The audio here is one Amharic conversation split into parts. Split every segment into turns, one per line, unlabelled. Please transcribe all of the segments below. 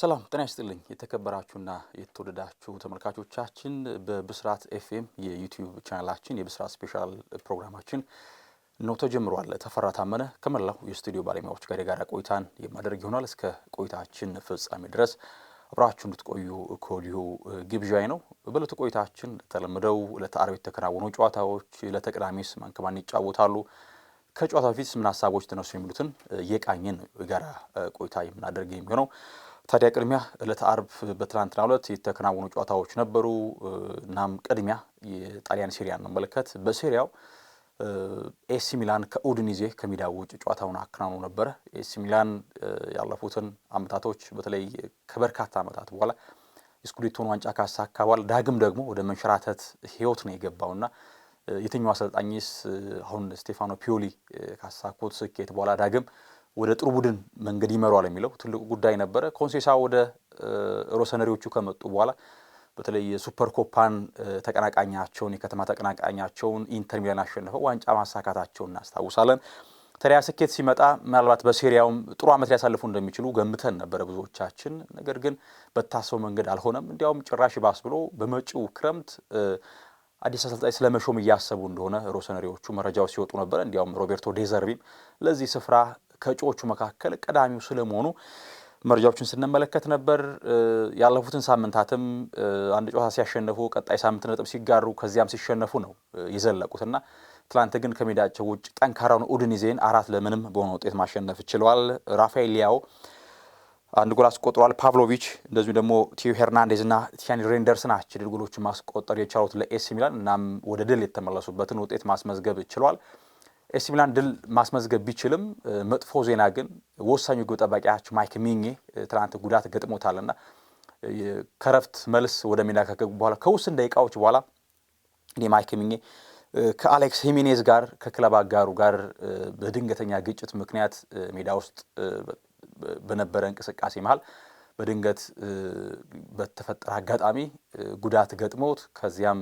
ሰላም ጤና ይስጥልኝ። የተከበራችሁና የተወደዳችሁ ተመልካቾቻችን በብስራት ኤፍኤም የዩቲዩብ ቻናላችን የብስራት ስፔሻል ፕሮግራማችን ነው ተጀምሯል። ተፈራ ታመነ ከመላው የስቱዲዮ ባለሙያዎች ጋር የጋራ ቆይታን የማደርግ ይሆናል። እስከ ቆይታችን ፍጻሜ ድረስ አብራችሁ እንድትቆዩ ከወዲሁ ግብዣይ ነው። በዕለቱ ቆይታችን ተለምደው ለተአርብ የተከናወኑ ጨዋታዎች፣ ለተቅዳሚስ ማንከማን ይጫወታሉ ከጨዋታ በፊት ምን ሀሳቦች ተነሱ የሚሉትን የቃኝን ጋራ ቆይታ የምናደርግ የሚሆነው ታዲያ ቅድሚያ ዕለተ አርብ በትናንትና ዕለት የተከናወኑ ጨዋታዎች ነበሩ። እናም ቅድሚያ የጣሊያን ሴሪያን እንመለከት። በሴሪያው ኤሲ ሚላን ከኡድኒዜ ከሜዳ ውጭ ጨዋታውን አከናውኑ ነበረ። ኤሲ ሚላን ያለፉትን አመታቶች በተለይ ከበርካታ አመታት በኋላ የስኩዴቶን ዋንጫ ካሳካ በኋላ ዳግም ደግሞ ወደ መንሸራተት ህይወት ነው የገባውና የትኛው አሰልጣኝስ አሁን ስቴፋኖ ፒዮሊ ካሳኩት ስኬት በኋላ ዳግም ወደ ጥሩ ቡድን መንገድ ይመሯል የሚለው ትልቁ ጉዳይ ነበረ። ኮንሴሳ ወደ ሮሰነሪዎቹ ከመጡ በኋላ በተለይ የሱፐር ኮፓን ተቀናቃኛቸውን የከተማ ተቀናቃኛቸውን ኢንተር ሚላን አሸንፈው ዋንጫ ማሳካታቸውን እናስታውሳለን። ተሪያ ስኬት ሲመጣ ምናልባት በሴሪያውም ጥሩ ዓመት ሊያሳልፉ እንደሚችሉ ገምተን ነበረ ብዙዎቻችን። ነገር ግን በታሰው መንገድ አልሆነም። እንዲያውም ጭራሽ ባስ ብሎ በመጪው ክረምት አዲስ አሰልጣኝ ስለመሾም እያሰቡ እንደሆነ ሮሰነሪዎቹ መረጃዎች ሲወጡ ነበረ። እንዲያውም ሮቤርቶ ዴዘርቢም ለዚህ ስፍራ ከእጩዎቹ መካከል ቀዳሚው ስለመሆኑ መረጃዎችን ስንመለከት ነበር። ያለፉትን ሳምንታትም አንድ ጨዋታ ሲያሸነፉ ቀጣይ ሳምንት ነጥብ ሲጋሩ ከዚያም ሲሸነፉ ነው የዘለቁትና ትላንት ግን ከሜዳቸው ውጭ ጠንካራውን ኡድኒዜን አራት ለምንም በሆነ ውጤት ማሸነፍ ችለዋል። ራፋኤል ሊያው አንድ ጎል አስቆጥሯል። ፓቭሎቪች እንደዚሁም ደግሞ ቲዮ ሄርናንዴዝ እና ቲያኒ ሬንደርስ ናቸው ድል ማስቆጠር የቻሉት ለኤሲ ሚላን። እናም ወደ ድል የተመለሱበትን ውጤት ማስመዝገብ ችሏል። ኤሲ ሚላን ድል ማስመዝገብ ቢችልም መጥፎ ዜና ግን ወሳኙ ግብ ጠባቂያቸው ማይክ ሚኜ ትናንት ጉዳት ገጥሞታልና ከረፍት መልስ ወደ ሜዳ ከገቡ በኋላ ከውስን ደቂቃዎች በኋላ እኔ ማይክ ሚኜ ከአሌክስ ሂሜኔዝ ጋር ከክለብ አጋሩ ጋር በድንገተኛ ግጭት ምክንያት ሜዳ ውስጥ በነበረ እንቅስቃሴ መሀል በድንገት በተፈጠረ አጋጣሚ ጉዳት ገጥሞት ከዚያም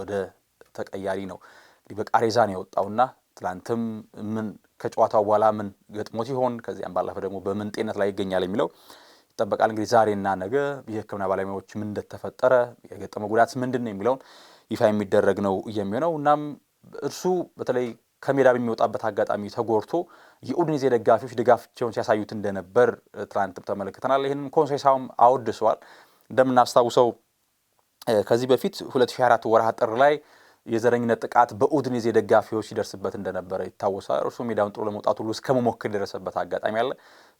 ወደ ተቀያሪ ነው እንግዲህ በቃሬዛ ነው የወጣውና ትላንትም ምን ከጨዋታው በኋላ ምን ገጥሞት ይሆን ከዚያም ባለፈ ደግሞ በምን ጤነት ላይ ይገኛል የሚለው ይጠበቃል። እንግዲህ ዛሬና ነገ የሕክምና ባለሙያዎች ምን እንደተፈጠረ የገጠመ ጉዳት ምንድን ነው የሚለውን ይፋ የሚደረግ ነው የሚሆነው። እናም እርሱ በተለይ ከሜዳ በሚወጣበት አጋጣሚ ተጎድቶ የኡድኒዜ ደጋፊዎች ድጋፋቸውን ሲያሳዩት እንደነበር ትላንትም ተመለክተናል። ይህንም ኮንሴሳውም አወድሰዋል። እንደምናስታውሰው ከዚህ በፊት 2024 ወርሃ ጥር ላይ የዘረኝነት ጥቃት በኡድኔዜ ደጋፊዎች ሲደርስበት እንደነበረ ይታወሳል። እርሱ ሜዳውን ጥሎ ለመውጣት ሁሉ እስከ መሞክር የደረሰበት አጋጣሚ አለ።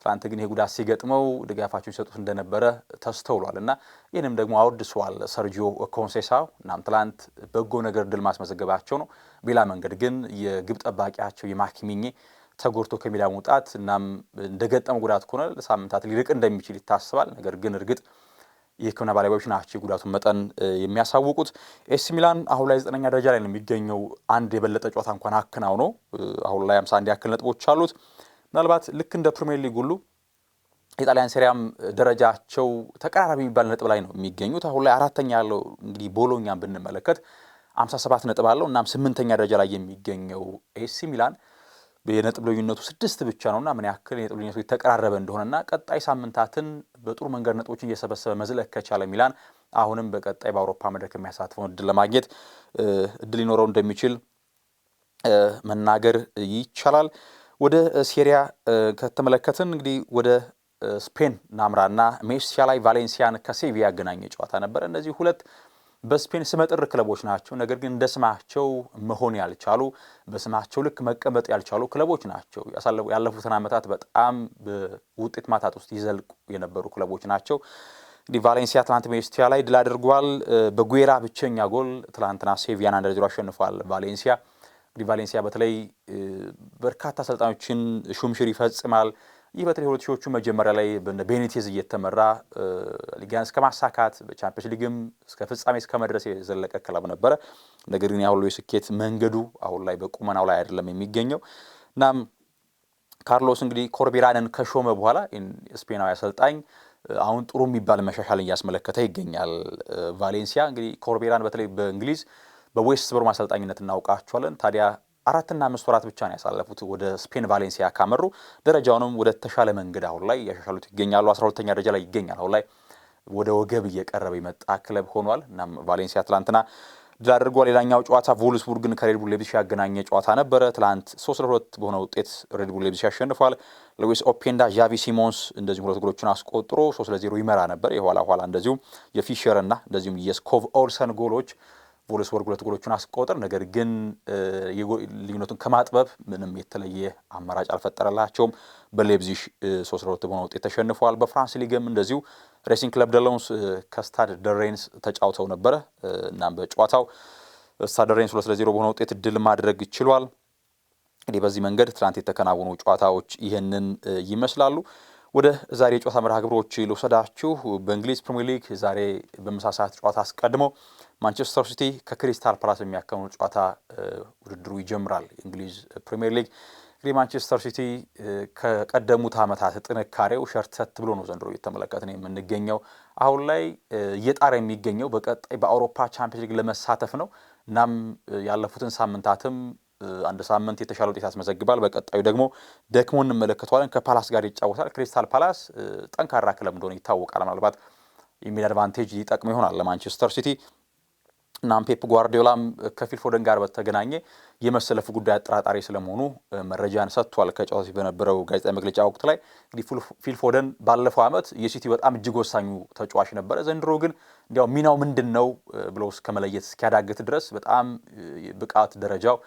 ትናንት ግን ይሄ ጉዳት ሲገጥመው ድጋፋቸውን ሲሰጡት እንደነበረ ተስተውሏል እና ይህንም ደግሞ አወድሷል ሰርጂዮ ኮንሴሳው። እናም ትላንት በጎ ነገር ድል ማስመዘገባቸው ነው። በሌላ መንገድ ግን የግብ ጠባቂያቸው የማኪሚኜ ተጎድቶ ከሜዳ መውጣት እናም እንደገጠመ ጉዳት ከሆነ ለሳምንታት ሊርቅ እንደሚችል ይታሰባል። ነገር ግን እርግጥ የህክምና ባለሙያዎች ናቸው የጉዳቱን መጠን የሚያሳውቁት። ኤሲ ሚላን አሁን ላይ ዘጠነኛ ደረጃ ላይ ነው የሚገኘው። አንድ የበለጠ ጨዋታ እንኳን አከናውኖ አሁን ላይ ሃምሳ አንድ ያክል ነጥቦች አሉት። ምናልባት ልክ እንደ ፕሪሚየር ሊግ ሁሉ የጣሊያን ሴሪያም ደረጃቸው ተቀራራቢ የሚባል ነጥብ ላይ ነው የሚገኙት። አሁን ላይ አራተኛ ያለው እንግዲህ ቦሎኛን ብንመለከት 57 ነጥብ አለው። እናም ስምንተኛ ደረጃ ላይ የሚገኘው ኤሲ ሚላን የነጥብ ልዩነቱ ስድስት ብቻ ነውና ምን ያክል የነጥብ ልዩነቱ የተቀራረበ እንደሆነና ቀጣይ ሳምንታትን በጥሩ መንገድ ነጥቦችን እየሰበሰበ መዝለቅ ከቻለ ሚላን አሁንም በቀጣይ በአውሮፓ መድረክ የሚያሳትፈውን እድል ለማግኘት እድል ሊኖረው እንደሚችል መናገር ይቻላል። ወደ ሴሪያ ከተመለከትን እንግዲህ ወደ ስፔን ናምራና ሜሲያ ላይ ቫሌንሲያን ከሴቪያ ያገናኘ ጨዋታ ነበረ እነዚህ ሁለት በስፔን ስመጥር ክለቦች ናቸው። ነገር ግን እንደ ስማቸው መሆን ያልቻሉ በስማቸው ልክ መቀመጥ ያልቻሉ ክለቦች ናቸው። ያለፉትን ዓመታት በጣም በውጤት ማታት ውስጥ ይዘልቁ የነበሩ ክለቦች ናቸው። እንግዲህ ቫሌንሲያ ትላንት ሜስቲያ ላይ ድል አድርጓል። በጉራ ብቸኛ ጎል ትላንትና ሴቪያን አንድ ለዜሮ አሸንፏል ቫሌንሲያ። እንግዲህ ቫሌንሲያ በተለይ በርካታ አሰልጣኞችን ሹምሽር ይፈጽማል። ይህ በተለይ ሁለትሺዎቹ መጀመሪያ ላይ ቤኒቴዝ እየተመራ ሊጋን እስከ ማሳካት በቻምፒዮንስ ሊግም እስከ ፍጻሜ እስከ መድረስ የዘለቀ ክለብ ነበረ። ነገር ግን ያሁሉ የስኬት መንገዱ አሁን ላይ በቁመናው ላይ አይደለም የሚገኘው። እናም ካርሎስ እንግዲህ ኮርቢራንን ከሾመ በኋላ ስፔናዊ አሰልጣኝ አሁን ጥሩ የሚባል መሻሻል እያስመለከተ ይገኛል። ቫሌንሲያ እንግዲህ ኮርቤራን በተለይ በእንግሊዝ በዌስት ብሮም አሰልጣኝነት እናውቃቸዋለን። ታዲያ አራትና አምስት ወራት ብቻ ነው ያሳለፉት ወደ ስፔን ቫሌንሲያ ካመሩ ደረጃውንም ወደ ተሻለ መንገድ አሁን ላይ ያሻሻሉት ይገኛሉ። አስራ ሁለተኛ ደረጃ ላይ ይገኛል። አሁን ላይ ወደ ወገብ እየቀረበ የመጣ ክለብ ሆኗል። እናም ቫሌንሲያ ትላንትና ድል አድርጓል። ሌላኛው ጨዋታ ቮልስቡርግን ከሬድቡል ሌብዚሽ ያገናኘ ጨዋታ ነበረ። ትላንት ሶስት ለሁለት በሆነ ውጤት ሬድቡል ሌብዚሽ ያሸንፏል። ሉዊስ ኦፔንዳ፣ ዣቪ ሲሞንስ እንደዚሁም ሁለት ጎሎችን አስቆጥሮ ሶስት ለዜሮ ይመራ ነበር። የኋላ ኋላ እንደዚሁም የፊሸር እና እንደዚሁም የስኮቭ ኦልሰን ጎሎች ቮልስበርግ ሁለት ጎሎቹን አስቆጥር፣ ነገር ግን ልዩነቱን ከማጥበብ ምንም የተለየ አማራጭ አልፈጠረላቸውም። በሌብዚሽ ሶስት ለሁለት በሆነ ውጤት ተሸንፈዋል። በፍራንስ ሊግም እንደዚሁ ሬሲንግ ክለብ ደለውንስ ከስታድ ደሬንስ ተጫውተው ነበረ። እናም በጨዋታው ስታድ ደሬንስ ሁለት ለዜሮ በሆነ ውጤት ድል ማድረግ ችሏል። እንግዲህ በዚህ መንገድ ትናንት የተከናወኑ ጨዋታዎች ይህንን ይመስላሉ። ወደ ዛሬ የጨዋታ መርሃ ግብሮች ልውሰዳችሁ። በእንግሊዝ ፕሪሚየር ሊግ ዛሬ በምሳ ሰዓት ጨዋታ አስቀድሞ ማንቸስተር ሲቲ ከክሪስታል ፓላስ የሚያከኑ ጨዋታ ውድድሩ ይጀምራል። የእንግሊዝ ፕሪምየር ሊግ እንግዲህ ማንቸስተር ሲቲ ከቀደሙት ዓመታት ጥንካሬው ሸርተት ብሎ ነው ዘንድሮ እየተመለከት ነው የምንገኘው። አሁን ላይ እየጣረ የሚገኘው በቀጣይ በአውሮፓ ቻምፒዮንስ ሊግ ለመሳተፍ ነው። እናም ያለፉትን ሳምንታትም አንድ ሳምንት የተሻለ ውጤት ያስመዘግባል። በቀጣዩ ደግሞ ደክሞ እንመለከተዋለን። ከፓላስ ጋር ይጫወታል። ክሪስታል ፓላስ ጠንካራ ክለብ እንደሆነ ይታወቃል። ምናልባት የሚል አድቫንቴጅ ይጠቅሙ ይሆናል ለማንቸስተር ሲቲ እናም ፔፕ ጓርዲዮላም ከፊል ፎደን ጋር በተገናኘ የመሰለፉ ጉዳይ አጠራጣሪ ስለመሆኑ መረጃን ሰጥቷል። ከጨዋታ በፊት በነበረው ጋዜጣ መግለጫ ወቅት ላይ እንግዲህ ፊል ፎደን ባለፈው ዓመት የሲቲ በጣም እጅግ ወሳኙ ተጫዋች ነበረ። ዘንድሮ ግን እንዲያው ሚናው ምንድን ነው ብሎ እስከመለየት እስኪያዳግት ድረስ በጣም ብቃት ደረጃው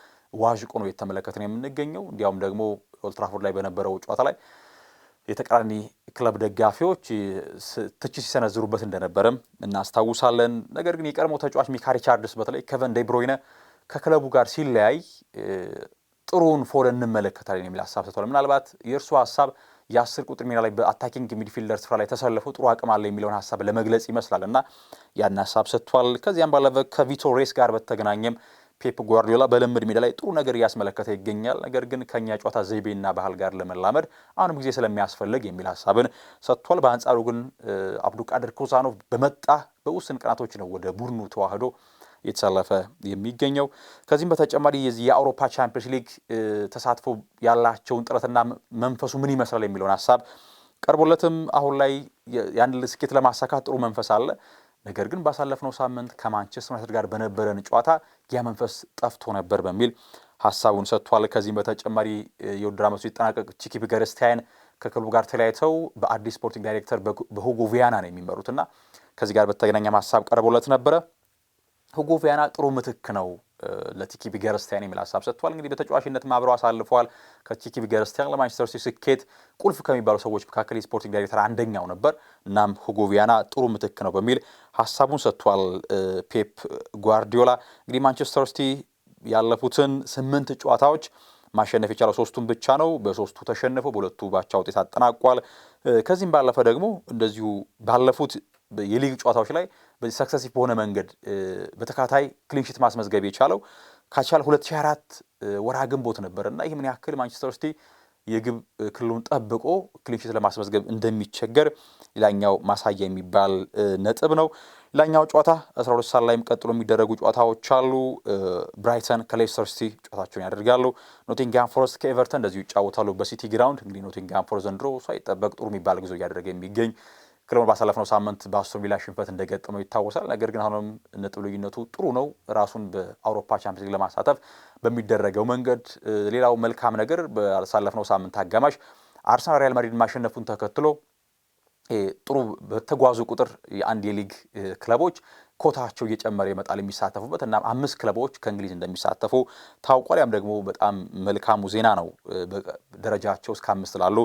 ዋዥቆ ነው የተመለከት ነው የምንገኘው። እንዲያውም ደግሞ ኦልትራፎርድ ላይ በነበረው ጨዋታ ላይ የተቃራኒ ክለብ ደጋፊዎች ትችት ሲሰነዝሩበት እንደነበረም እናስታውሳለን። ነገር ግን የቀድሞ ተጫዋች ሚካ ሪቻርድስ በተለይ ከቨን ደብሮይነ ከክለቡ ጋር ሲለያይ ጥሩውን ፎደን እንመለከታለን የሚል ሀሳብ ሰጥቷል። ምናልባት የእርሱ ሀሳብ የአስር ቁጥር ሚና ላይ በአታኪንግ ሚድፊልደር ስፍራ ላይ ተሰልፎ ጥሩ አቅም አለ የሚለውን ሀሳብ ለመግለጽ ይመስላል እና ያን ሀሳብ ሰጥቷል። ከዚያም ባለፈ ሬስ ጋር በተገናኘም ፔፕ ጓርዲዮላ በልምድ ሜዳ ላይ ጥሩ ነገር እያስመለከተ ይገኛል። ነገር ግን ከኛ ጨዋታ ዘይቤና ባህል ጋር ለመላመድ አሁንም ጊዜ ስለሚያስፈልግ የሚል ሀሳብን ሰጥቷል። በአንጻሩ ግን አብዱልቃድር ኮሳኖቭ በመጣ በውስን ቀናቶች ነው ወደ ቡድኑ ተዋህዶ የተሰለፈ የሚገኘው። ከዚህም በተጨማሪ የአውሮፓ ቻምፒዮንስ ሊግ ተሳትፎ ያላቸውን ጥረትና መንፈሱ ምን ይመስላል የሚለውን ሀሳብ ቀርቦለትም አሁን ላይ ያን ስኬት ለማሳካት ጥሩ መንፈስ አለ ነገር ግን ባሳለፍነው ሳምንት ከማንቸስተር ዩናይትድ ጋር በነበረን ጨዋታ ያ መንፈስ ጠፍቶ ነበር በሚል ሀሳቡን ሰጥቷል። ከዚህም በተጨማሪ የውድድር ዓመቱ ሲጠናቀቅ ቺኪ ፒገርስታያን ከክለቡ ጋር ተለያይተው በአዲስ ስፖርቲንግ ዳይሬክተር በሁጎ ቪያና ነው የሚመሩት እና ከዚህ ጋር በተገናኘም ሀሳብ ቀርቦለት ነበረ። ሁጎ ቪያና ጥሩ ምትክ ነው ለቲኪ ቢገርስቲያን የሚል ሀሳብ ሰጥቷል። እንግዲህ በተጫዋችነት ማብረው አሳልፈዋል። ከቲኪ ቢገርስቲያን ለማንቸስተር ሲቲ ስኬት ቁልፍ ከሚባሉ ሰዎች መካከል የስፖርቲንግ ዳይሬክተር አንደኛው ነበር። እናም ሁጎ ቪያና ጥሩ ምትክ ነው በሚል ሀሳቡን ሰጥቷል ፔፕ ጓርዲዮላ። እንግዲህ ማንቸስተር ሲቲ ያለፉትን ስምንት ጨዋታዎች ማሸነፍ የቻለው ሶስቱን ብቻ ነው። በሶስቱ ተሸንፎ በሁለቱ ባቻ ውጤት አጠናቋል። ከዚህም ባለፈ ደግሞ እንደዚሁ ባለፉት የሊግ ጨዋታዎች ላይ በዚህ ሰክሰሲቭ በሆነ መንገድ በተካታይ ክሊንሽት ማስመዝገብ የቻለው ካቻል 2024 ወራ ግንቦት ነበር እና ይህ ምን ያክል ማንቸስተር ሲቲ የግብ ክልሉን ጠብቆ ክሊንሽት ለማስመዝገብ እንደሚቸገር ሌላኛው ማሳያ የሚባል ነጥብ ነው። ሌላኛው ጨዋታ 12 ሰዓት ላይም ቀጥሎ የሚደረጉ ጨዋታዎች አሉ። ብራይተን ከሌስተር ሲቲ ጨዋታቸውን ያደርጋሉ። ኖቲንግሃም ፎረስት ከኤቨርተን እንደዚሁ ይጫወታሉ በሲቲ ግራውንድ። እንግዲህ ኖቲንግሃም ፎረስት ዘንድሮ ሳይጠበቅ ጥሩ የሚባል ጊዜ እያደረገ የሚገኝ ቀድሞ ባሳለፍነው ሳምንት በአስቶን ቪላ ሽንፈት እንደገጠመው ይታወሳል። ነገር ግን አሁንም ነጥብ ልዩነቱ ጥሩ ነው። ራሱን በአውሮፓ ቻምፒዮንስ ሊግ ለማሳተፍ በሚደረገው መንገድ ሌላው መልካም ነገር ባሳለፍነው ሳምንት አጋማሽ አርሰናል ሪያል ማድሪድ ማሸነፉን ተከትሎ ጥሩ በተጓዙ ቁጥር የአንድ የሊግ ክለቦች ኮታቸው እየጨመረ ይመጣል የሚሳተፉበት እና አምስት ክለቦች ከእንግሊዝ እንደሚሳተፉ ታውቋል። ያም ደግሞ በጣም መልካሙ ዜና ነው። ደረጃቸው እስከ አምስት ላሉ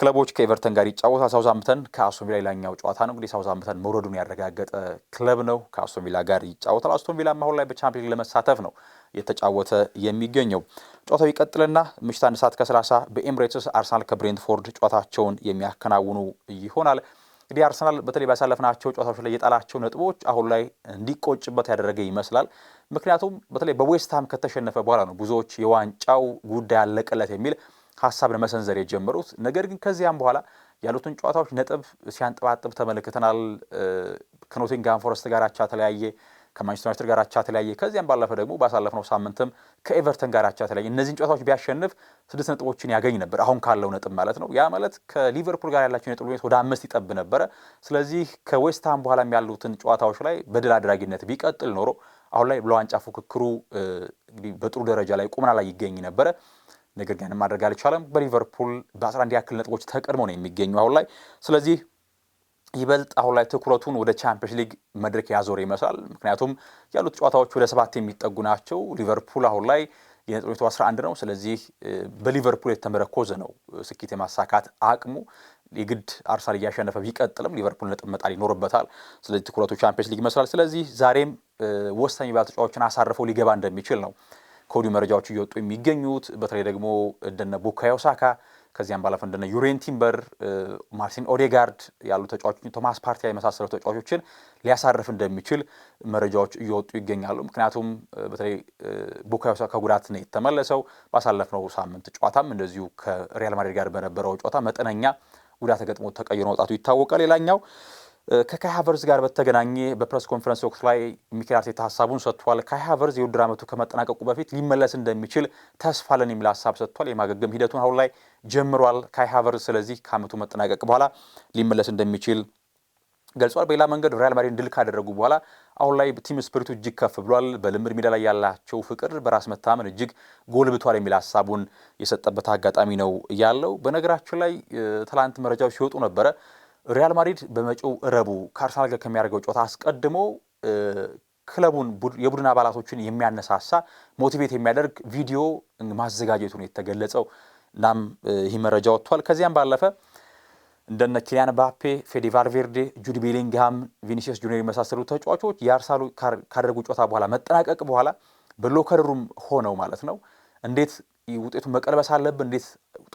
ክለቦች ከኤቨርተን ጋር ይጫወታል። ሳውዛምተን ከአስቶን ቪላ ሌላኛው ጨዋታ ነው። እንግዲህ ሳውዛምተን መውረዱን ያረጋገጠ ክለብ ነው። ከአስቶን ቪላ ጋር ይጫወታል። አስቶን ቪላ አሁን ላይ በቻምፒዮን ለመሳተፍ ነው የተጫወተ የሚገኘው። ጨዋታው ይቀጥልና ምሽት አንድ ሰዓት ከ30 በኤምሬትስ አርሰናል ከብሬንትፎርድ ጨዋታቸውን የሚያከናውኑ ይሆናል። እንግዲህ አርሰናል በተለይ ባሳለፍናቸው ጨዋታዎች ላይ የጣላቸው ነጥቦች አሁን ላይ እንዲቆጭበት ያደረገ ይመስላል። ምክንያቱም በተለይ በዌስትሃም ከተሸነፈ በኋላ ነው ብዙዎች የዋንጫው ጉዳይ አለቀለት የሚል ሀሳብን መሰንዘር የጀመሩት። ነገር ግን ከዚያም በኋላ ያሉትን ጨዋታዎች ነጥብ ሲያንጠባጥብ ተመልክተናል። ከኖቲንግሃም ፎረስት ጋር አቻ ተለያየ፣ ከማንቸስተር ዩናይትድ ጋር አቻ ተለያየ። ከዚያም ባለፈ ደግሞ ባሳለፍነው ሳምንትም ከኤቨርተን ጋር አቻ ተለያየ። እነዚህን ጨዋታዎች ቢያሸንፍ ስድስት ነጥቦችን ያገኝ ነበር፣ አሁን ካለው ነጥብ ማለት ነው። ያ ማለት ከሊቨርፑል ጋር ያላቸው ያላቸውን የጥሉ ወደ አምስት ይጠብ ነበረ። ስለዚህ ከዌስትሃም በኋላም ያሉትን ጨዋታዎች ላይ በድል አድራጊነት ቢቀጥል ኖሮ አሁን ላይ ለዋንጫ ፉክክሩ በጥሩ ደረጃ ላይ ቁመና ላይ ይገኝ ነበረ። ነገር ግን ማድረግ አልቻለም። በሊቨርፑል በ11 ያክል ነጥቦች ተቀድሞ ነው የሚገኙ አሁን ላይ። ስለዚህ ይበልጥ አሁን ላይ ትኩረቱን ወደ ቻምፒዮንስ ሊግ መድረክ ያዞረ ይመስላል። ምክንያቱም ያሉት ጨዋታዎች ወደ ሰባት የሚጠጉ ናቸው። ሊቨርፑል አሁን ላይ የነጥቤቱ 11 ነው። ስለዚህ በሊቨርፑል የተመረኮዘ ነው ስኬት የማሳካት አቅሙ። የግድ አርሰናል እያሸነፈ ቢቀጥልም ሊቨርፑል ነጥብ መጣል ይኖርበታል። ስለዚህ ትኩረቱ ቻምፒዮንስ ሊግ ይመስላል። ስለዚህ ዛሬም ወሳኝ ባለ ተጫዋቾችን አሳርፈው ሊገባ እንደሚችል ነው ከወዲሁ መረጃዎች እየወጡ የሚገኙት በተለይ ደግሞ እንደነ ቡካዮ ሳካ ከዚያም ባለፈ እንደነ ዩሬን ቲምበር፣ ማርሲን ኦዴጋርድ ያሉ ተጫዋቾችን ቶማስ ፓርቲያ የመሳሰሉ ተጫዋቾችን ሊያሳርፍ እንደሚችል መረጃዎች እየወጡ ይገኛሉ። ምክንያቱም በተለይ ቡካዮ ሳካ ከጉዳት ነው የተመለሰው። ባሳለፍነው ሳምንት ጨዋታም እንደዚሁ ከሪያል ማድሪድ ጋር በነበረው ጨዋታ መጠነኛ ጉዳት ተገጥሞ ተቀይሮ መውጣቱ ይታወቃል። ሌላኛው ከካይ ሃቨርዝ ጋር በተገናኘ በፕሬስ ኮንፈረንስ ወቅት ላይ ሚኬል አርቴታ ሀሳቡን ሰጥቷል። ካይ ሃቨርዝ የውድድር ዓመቱ ከመጠናቀቁ በፊት ሊመለስ እንደሚችል ተስፋ ለን የሚል ሀሳብ ሰጥቷል። የማገገም ሂደቱን አሁን ላይ ጀምሯል ካይ ሃቨርዝ። ስለዚህ ከዓመቱ መጠናቀቅ በኋላ ሊመለስ እንደሚችል ገልጿል። በሌላ መንገድ ሪያል ማድሪድን ድል ካደረጉ በኋላ አሁን ላይ ቲም ስፕሪቱ እጅግ ከፍ ብሏል። በልምድ ሜዳ ላይ ያላቸው ፍቅር፣ በራስ መታመን እጅግ ጎልብቷል የሚል ሀሳቡን የሰጠበት አጋጣሚ ነው ያለው። በነገራችን ላይ ትላንት መረጃዎች ሲወጡ ነበረ ሪያል ማድሪድ በመጪው ረቡዕ ከአርሰናል ጋር ከሚያደርገው ጨዋታ አስቀድሞ ክለቡን የቡድን አባላቶችን የሚያነሳሳ ሞቲቬት የሚያደርግ ቪዲዮ ማዘጋጀቱን የተገለጸው። እናም ይህ መረጃ ወጥቷል። ከዚያም ባለፈ እንደነ ኪሊያን ባፔ፣ ፌዴ ቫልቬርዴ፣ ጁድ ቤሊንግሃም፣ ቪኒሲየስ ጁኒየር የመሳሰሉ ተጫዋቾች የአርሰናሉ ካደረጉ ጨዋታ በኋላ መጠናቀቅ በኋላ በሎከር ሩም ሆነው ማለት ነው እንዴት ውጤቱን መቀልበስ አለብን፣ እንዴት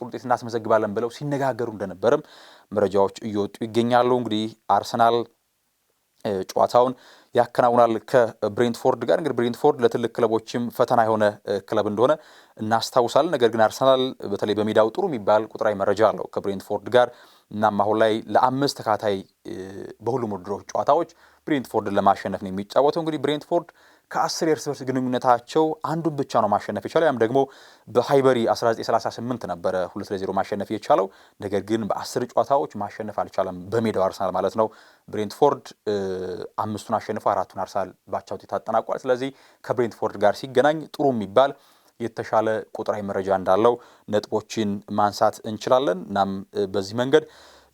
ጥሩ ውጤት እናስመዘግባለን ብለው ሲነጋገሩ እንደነበርም መረጃዎች እየወጡ ይገኛሉ። እንግዲህ አርሰናል ጨዋታውን ያከናውናል ከብሬንትፎርድ ጋር። እንግዲህ ብሬንትፎርድ ለትልቅ ክለቦችም ፈተና የሆነ ክለብ እንደሆነ እናስታውሳለን። ነገር ግን አርሰናል በተለይ በሜዳው ጥሩ የሚባል ቁጥራዊ መረጃ አለው ከብሬንትፎርድ ጋር። እናም አሁን ላይ ለአምስት ተካታይ በሁሉም ውድድሮች ጨዋታዎች ብሬንትፎርድን ለማሸነፍ ነው የሚጫወተው። እንግዲህ ብሬንትፎርድ ከአስር የእርስ በርስ ግንኙነታቸው አንዱን ብቻ ነው ማሸነፍ የቻለው። ያም ደግሞ በሃይበሪ 1938 ነበረ ሁለት ለዜሮ ማሸነፍ የቻለው። ነገር ግን በአስር ጨዋታዎች ማሸነፍ አልቻለም፣ በሜዳው አርሰናል ማለት ነው። ብሬንትፎርድ አምስቱን አሸንፎ አራቱን አርሰናል ባቻ ውጤት አጠናቋል። ስለዚህ ከብሬንትፎርድ ጋር ሲገናኝ ጥሩ የሚባል የተሻለ ቁጥራዊ መረጃ እንዳለው ነጥቦችን ማንሳት እንችላለን። እናም በዚህ መንገድ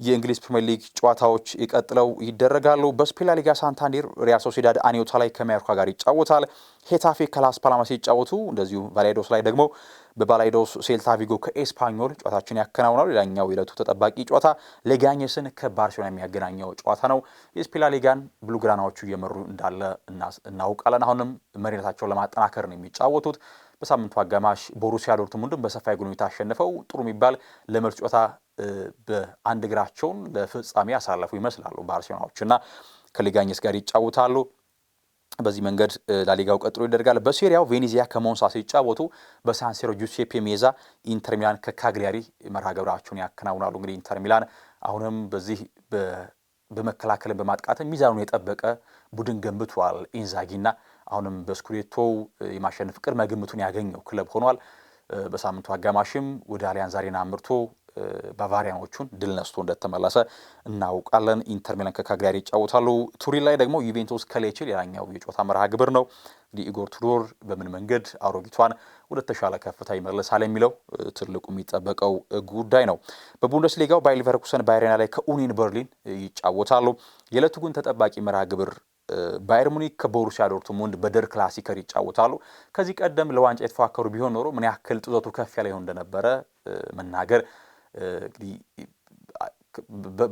የእንግሊዝ ፕሪምየር ሊግ ጨዋታዎች ይቀጥለው ይደረጋሉ። በስፔን ላሊጋ ሳንታንዴር ሪያል ሶሲዳድ አኔውታ ላይ ከማዮርካ ጋር ይጫወታል። ሄታፌ ከላስ ፓላማስ ሲጫወቱ፣ እንደዚሁ ቫላዶስ ላይ ደግሞ በቫላዶስ ሴልታ ቪጎ ከኤስፓኞል ጨዋታችን ያከናውናሉ። ሌላኛው የዕለቱ ተጠባቂ ጨዋታ ሌጋኘስን ከባርሴሎና የሚያገናኘው ጨዋታ ነው። የስፔን ላሊጋን ብሉግራናዎቹ እየመሩ እንዳለ እናውቃለን። አሁንም መሪነታቸውን ለማጠናከር ነው የሚጫወቱት። በሳምንቱ አጋማሽ ቦሩሲያ ዶርትሙንድን በሰፊ ጎል ሁኔታ ጥሩ የሚባል ለመልስ ጨዋታ በአንድ እግራቸውን ለፍጻሜ ያሳለፉ ይመስላሉ። ባርሴሎናዎች እና ከሊጋኝስ ጋር ይጫወታሉ። በዚህ መንገድ ላሊጋው ቀጥሎ ይደርጋል። በሴሪያው ቬኔዚያ ከሞንሳ ሲጫወቱ በሳንሴሮ ጁሴፔ ሜዛ ኢንተር ሚላን ከካግሊያሪ መርሃ ግብራቸውን ያከናውናሉ። እንግዲህ ኢንተር ሚላን አሁንም በዚህ በመከላከልን በማጥቃትን ሚዛኑን የጠበቀ ቡድን ገንብቷል ኢንዛጊና አሁንም በስኩዴቶው የማሸነፍ ቅድመ ግምቱን ያገኘው ክለብ ሆኗል። በሳምንቱ አጋማሽም ወደ አሊያንዝ አሬና አምርቶ ባቫሪያኖቹን ድል ነስቶ እንደተመለሰ እናውቃለን። ኢንተር ሚላን ከካግሊያሪ ይጫወታሉ። ቱሪን ላይ ደግሞ ዩቬንቱስ ከሌቼ ሌላኛው የጨዋታ መርሃ ግብር ነው። የኢጎር ቱዶር በምን መንገድ አሮጊቷን ወደ ተሻለ ከፍታ ይመለሳል የሚለው ትልቁ የሚጠበቀው ጉዳይ ነው። በቡንደስሊጋው ባየር ሌቨርኩሰን ላይ ከኡኒን በርሊን ይጫወታሉ። የዕለቱ ግን ተጠባቂ መርሃ ግብር ባየር ሙኒክ ከቦሩሲያ ዶርትሙንድ በደር ክላሲከር ይጫወታሉ። ከዚህ ቀደም ለዋንጫ የተፎካከሩ ቢሆን ኖሮ ምን ያክል ጥዘቱ ከፍ ያለ ይሆን እንደነበረ መናገር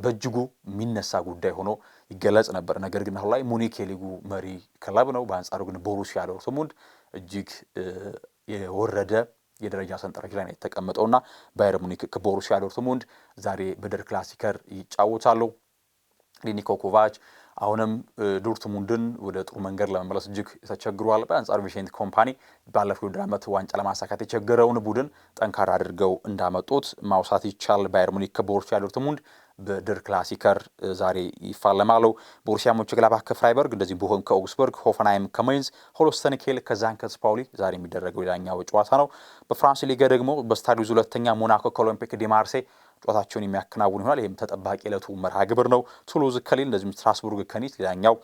በእጅጉ የሚነሳ ጉዳይ ሆኖ ይገለጽ ነበር። ነገር ግን አሁን ላይ ሙኒክ የሊጉ መሪ ክለብ ነው። በአንጻሩ ግን ቦሩሲያ ዶርትሙንድ እጅግ የወረደ የደረጃ ሰንጠረዥ ላይ ነው የተቀመጠው የተቀመጠውና ባየር ሙኒክ ከቦሩሲያ ዶርትሙንድ ዛሬ በደር ክላሲከር ይጫወታሉ። ኒኮ ኮቫች አሁንም ዶርትሙንድን ወደ ጥሩ መንገድ ለመመለስ እጅግ ተቸግሯል። በአንጻር ቪሸንት ኮምፓኒ ባለፈው ውድድር ዓመት ዋንጫ ለማሳካት የቸገረውን ቡድን ጠንካራ አድርገው እንዳመጡት ማውሳት ይቻል። ባየር ሙኒክ ከቦሩሲያ ዶርትሙንድ በድር ክላሲከር ዛሬ ይፋለማሉ። ቦሩሲያ ሞንቸግላባህ ከፍራይበርግ እንደዚህ ቦሆም ከኦግስበርግ፣ ሆፈንሃይም ከመይንዝ፣ ሆሎስተንኬል ከዛንከስ ፓውሊ ዛሬ የሚደረገው ሌላኛው ጨዋታ ነው። በፍራንስ ሊጋ ደግሞ በስታዲዮዝ ሁለተኛ ሞናኮ ከኦሎምፒክ ዲማርሴ ጨዋታቸውን የሚያከናውን ይሆናል። ይህም ተጠባቂ ዕለቱ መርሃ ግብር ነው። ቱሉዝ ከሊል፣ እንደዚሁም ስትራስቡርግ ከኒት ሌላኛው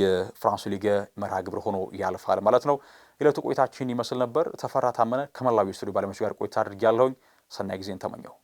የፍራንሱ ሊግ መርሃ ግብር ሆኖ ያልፋል ማለት ነው። የዕለቱ ቆይታችን ይመስል ነበር። ተፈራ ታመነ ከመላዊ ስቱዲዮ ባለሙያዎች ጋር ቆይታ አድርጌ ያለሁኝ ሰናይ ጊዜን ተመኘው።